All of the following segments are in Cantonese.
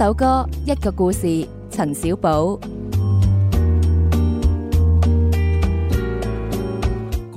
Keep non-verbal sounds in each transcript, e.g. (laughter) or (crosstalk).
首歌，一個故事，陳小寶。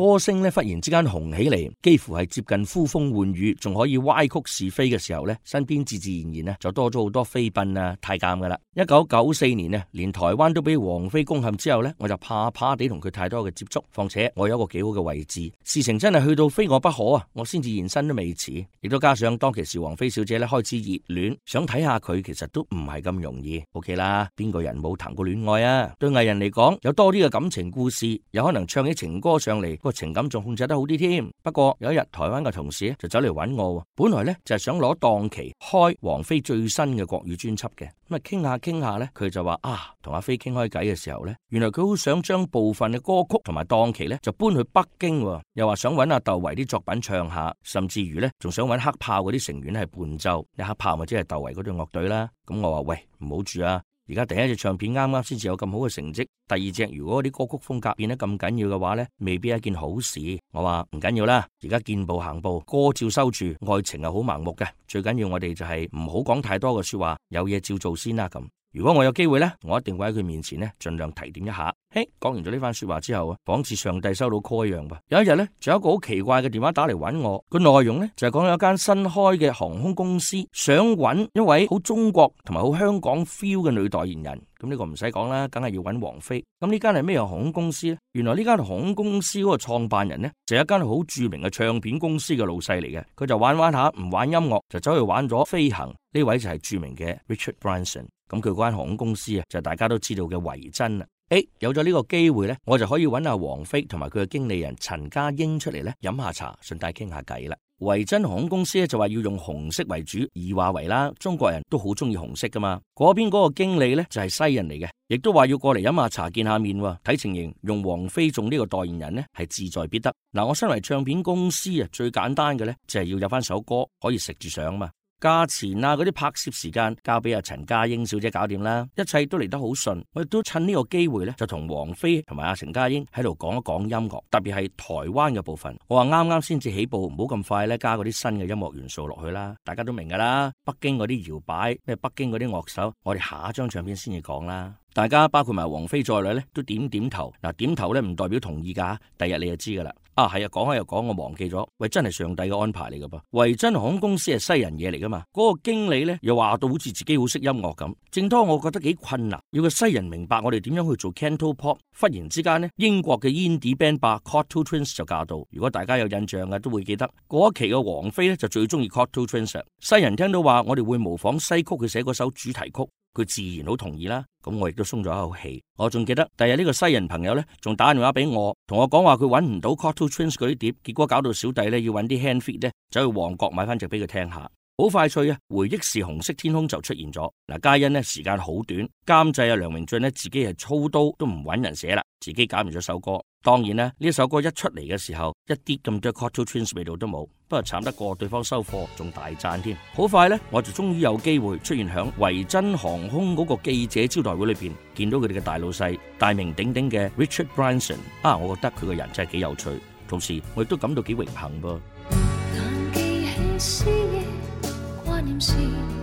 歌聲咧忽然之間紅起嚟，幾乎係接近呼風喚雨，仲可以歪曲是非嘅時候呢，身邊自自然然咧就多咗好多飛奔啊太監噶啦。一九九四年啊，連台灣都俾王菲攻陷之後呢，我就怕怕地同佢太多嘅接觸。況且我有一個幾好嘅位置，事情真係去到非我不可啊，我先至現身都未遲。亦都加上當其時王菲小姐咧開始熱戀，想睇下佢，其實都唔係咁容易。OK 啦，邊個人冇談過戀愛啊？對藝人嚟講，有多啲嘅感情故事，有可能唱起情歌上嚟情感仲控制得好啲添，不過有一日台灣嘅同事就走嚟揾我，本來咧就係、是、想攞檔期開王菲最新嘅國語專輯嘅，咁啊傾下傾下咧，佢就話啊，同阿菲傾開偈嘅時候咧，原來佢好想將部分嘅歌曲同埋檔期咧就搬去北京，又話想揾阿竇唯啲作品唱下，甚至於咧仲想揾黑豹嗰啲成員係伴奏，黑豹或者係竇唯嗰隊樂隊啦，咁、嗯、我話喂唔好住啊。而家第一隻唱片啱啱先至有咁好嘅成績，第二隻如果啲歌曲風格變得咁緊要嘅話咧，未必係一件好事。我話唔緊要啦，而家見步行步，歌照收住，愛情係好盲目嘅，最緊要我哋就係唔好講太多嘅說話，有嘢照做先啦咁。如果我有機會呢，我一定會喺佢面前咧，盡量提點一下。誒，講完咗呢番說話之後啊，仿似上帝收到 call 一樣吧。有一日呢，就有一個好奇怪嘅電話打嚟搵我，個內容呢，就係、是、講有間新開嘅航空公司想搵一位好中國同埋好香港 feel 嘅女代言人。咁呢個唔使講啦，梗係要搵王菲。咁呢間係咩航空公司呢？原來呢間航空公司嗰個創辦人呢，就係、是、一間好著名嘅唱片公司嘅老細嚟嘅，佢就玩玩下，唔玩音樂就走去玩咗飛行。呢位就係著名嘅 Richard Branson。咁佢嗰間航空公司啊，就是，大家都知道嘅維珍啊，誒、欸，有咗呢個機會呢，我就可以搵阿、啊、王菲同埋佢嘅經理人陳家英出嚟呢，飲下茶，順帶傾下偈啦。維珍航空公司咧、啊、就話要用紅色為主，以華為啦，中國人都好中意紅色噶嘛。嗰邊嗰個經理呢，就係、是、西人嚟嘅，亦都話要過嚟飲下茶見下面，啊，睇，情形用王菲做呢個代言人呢，係志在必得。嗱，我身為唱片公司啊，最簡單嘅呢，就係、是、要有翻首歌可以食住上啊嘛。價錢啊，嗰啲拍攝時間交俾阿陳嘉英小姐搞掂啦，一切都嚟得好順。我亦都趁呢個機會咧，就同王菲同埋阿陳嘉英喺度講一講音樂，特別係台灣嘅部分。我話啱啱先至起步，唔好咁快咧加嗰啲新嘅音樂元素落去啦。大家都明噶啦，北京嗰啲搖擺，咩北京嗰啲樂手，我哋下一張唱片先至講啦。大家包括埋王菲在內咧，都點點頭。嗱、啊，點頭咧唔代表同意㗎。第日你就知㗎啦。啊，係啊，講開又講，我忘記咗。喂，真係上帝嘅安排嚟㗎噃。維珍航空公司係西人嘢嚟㗎嘛。嗰、那個經理咧又話到好似自己好識音樂咁。正當我覺得幾困難，要個西人明白我哋點樣去做 Cantopop。忽然之間咧，英國嘅 indie band、Cocteau Twins 就駕到。如果大家有印象嘅，都會記得嗰一期嘅王菲咧就最鍾意 Cocteau Twins。西人聽到話我哋會模仿西曲，佢寫嗰首主題曲。佢自然好同意啦，咁我亦都鬆咗一口氣。我仲記得第日呢個西人朋友呢，仲打電話俾我，同我講話佢揾唔到 Cocteau Twins 嗰啲碟，結果搞到小弟呢要揾啲 hand fit 呢，走去旺角買翻隻俾佢聽下。好快脆啊！回憶是紅色天空就出現咗。嗱，嘉欣呢，時間好短，監製啊梁榮駿呢，自己係操刀都唔揾人寫啦，自己搞掂咗首歌。當然啦，呢首歌一出嚟嘅時候，一啲咁多 Cultural Trends 味道都冇，不過慘得過對方收貨仲大賺添。好快呢，我就終於有機會出現響維珍航空嗰個記者招待會裏邊，見到佢哋嘅大老細，大名鼎鼎嘅 Richard Branson 啊，我覺得佢個人真係幾有趣，同時我亦都感到幾榮幸噃。 (music)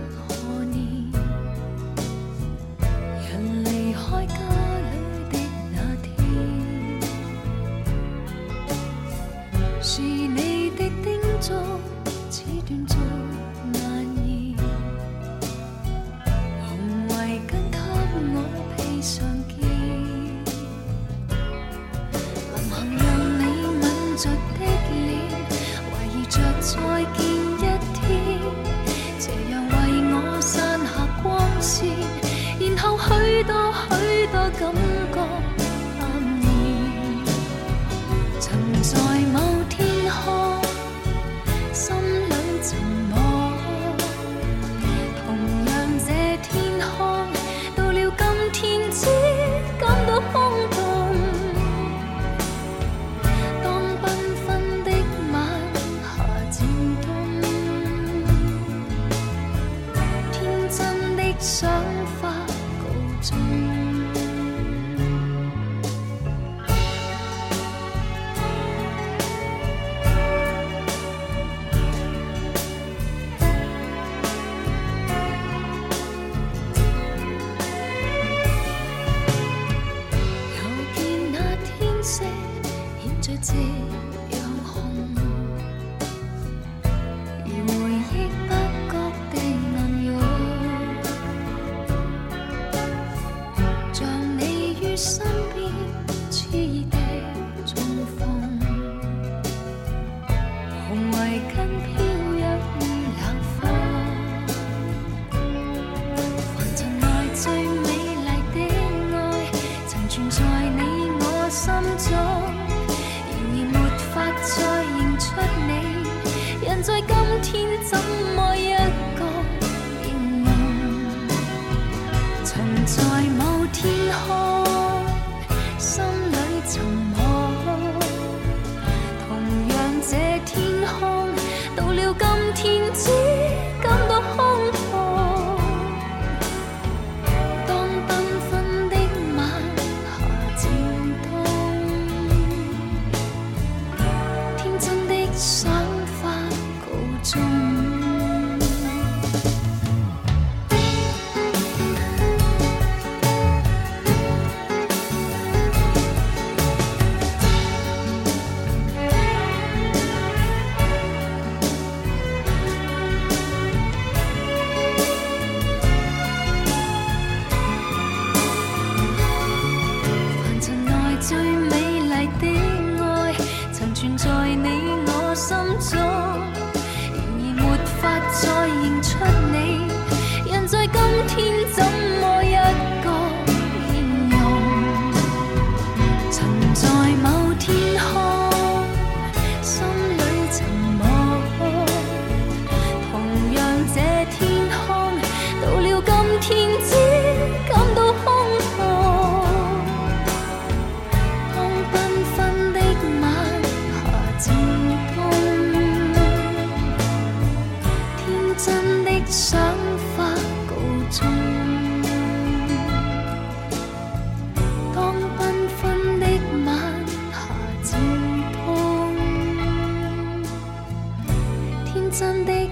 著的臉，懷疑着再見一天，斜陽為我散下光線，然後許多許多感慨。在某天空，心裏沉默。同樣這天空，到了今天。再認出你，人在今天總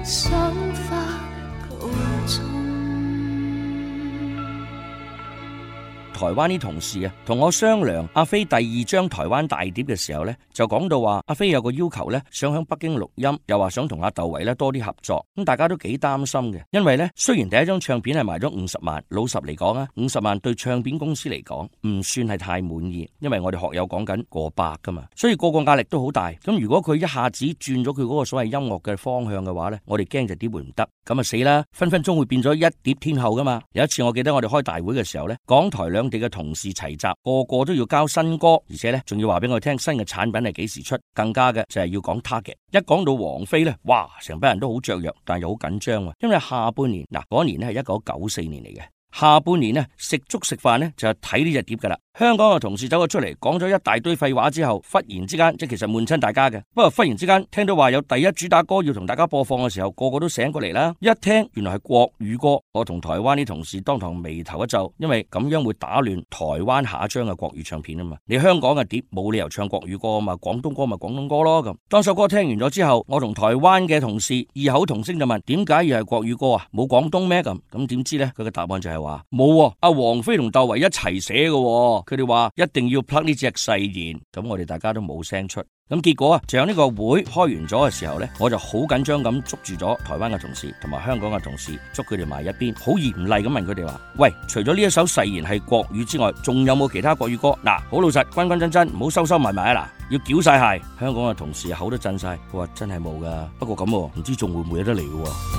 想法告終。台灣啲同事啊，同我商量阿飛第二張台灣大碟嘅時候呢，就講到話阿飛有個要求呢，想響北京錄音，又話想同阿竇唯呢多啲合作。咁大家都幾擔心嘅，因為呢，雖然第一張唱片係賣咗五十萬，老實嚟講啊，五十萬對唱片公司嚟講唔算係太滿意，因為我哋學友講緊過百噶嘛，所以個個壓力都好大。咁如果佢一下子轉咗佢嗰個所謂音樂嘅方向嘅話呢，我哋驚就點會唔得？咁啊死啦，分分鐘會變咗一碟天后噶嘛！有一次我記得我哋開大會嘅時候呢，港台兩哋嘅同事齊集，個個都要交新歌，而且呢仲要話俾我聽新嘅產品係幾時出，更加嘅就係要講 target。一講到王菲呢，哇，成班人都好雀躍，但係又好緊張啊，因為下半年嗱嗰年呢係一九九四年嚟嘅，下半年呢食粥食飯呢就係睇呢隻碟噶啦。香港嘅同事走咗出嚟，講咗一大堆廢話之後，忽然之間即其實悶親大家嘅。不過忽然之間聽到話有第一主打歌要同大家播放嘅時候，個個都醒過嚟啦。一聽原來係國語歌，我同台灣啲同事當堂眉頭一皺，因為咁樣會打亂台灣下一張嘅國語唱片啊嘛。你香港嘅碟冇理由唱國語歌啊嘛，廣東歌咪廣東歌咯咁。當首歌聽完咗之後，我同台灣嘅同事異口同聲就問：點解又係國語歌啊？冇廣東咩咁？咁點知咧？佢嘅答案就係話冇啊！阿王菲同竇唯一齊寫嘅喎。佢哋話一定要 plug 呢隻誓言，咁我哋大家都冇聲出，咁結果啊，就有呢個會開完咗嘅時候咧，我就好緊張咁捉住咗台灣嘅同事同埋香港嘅同事，捉佢哋埋一邊，好嚴厲咁問佢哋話：喂，除咗呢一首誓言係國語之外，仲有冇其他國語歌？嗱，好老實，軍軍真真，唔好收收埋埋啊！嗱，要攪晒鞋，香港嘅同事口都震晒。佢話真係冇噶，不過咁唔知仲會唔會有得嚟嘅喎。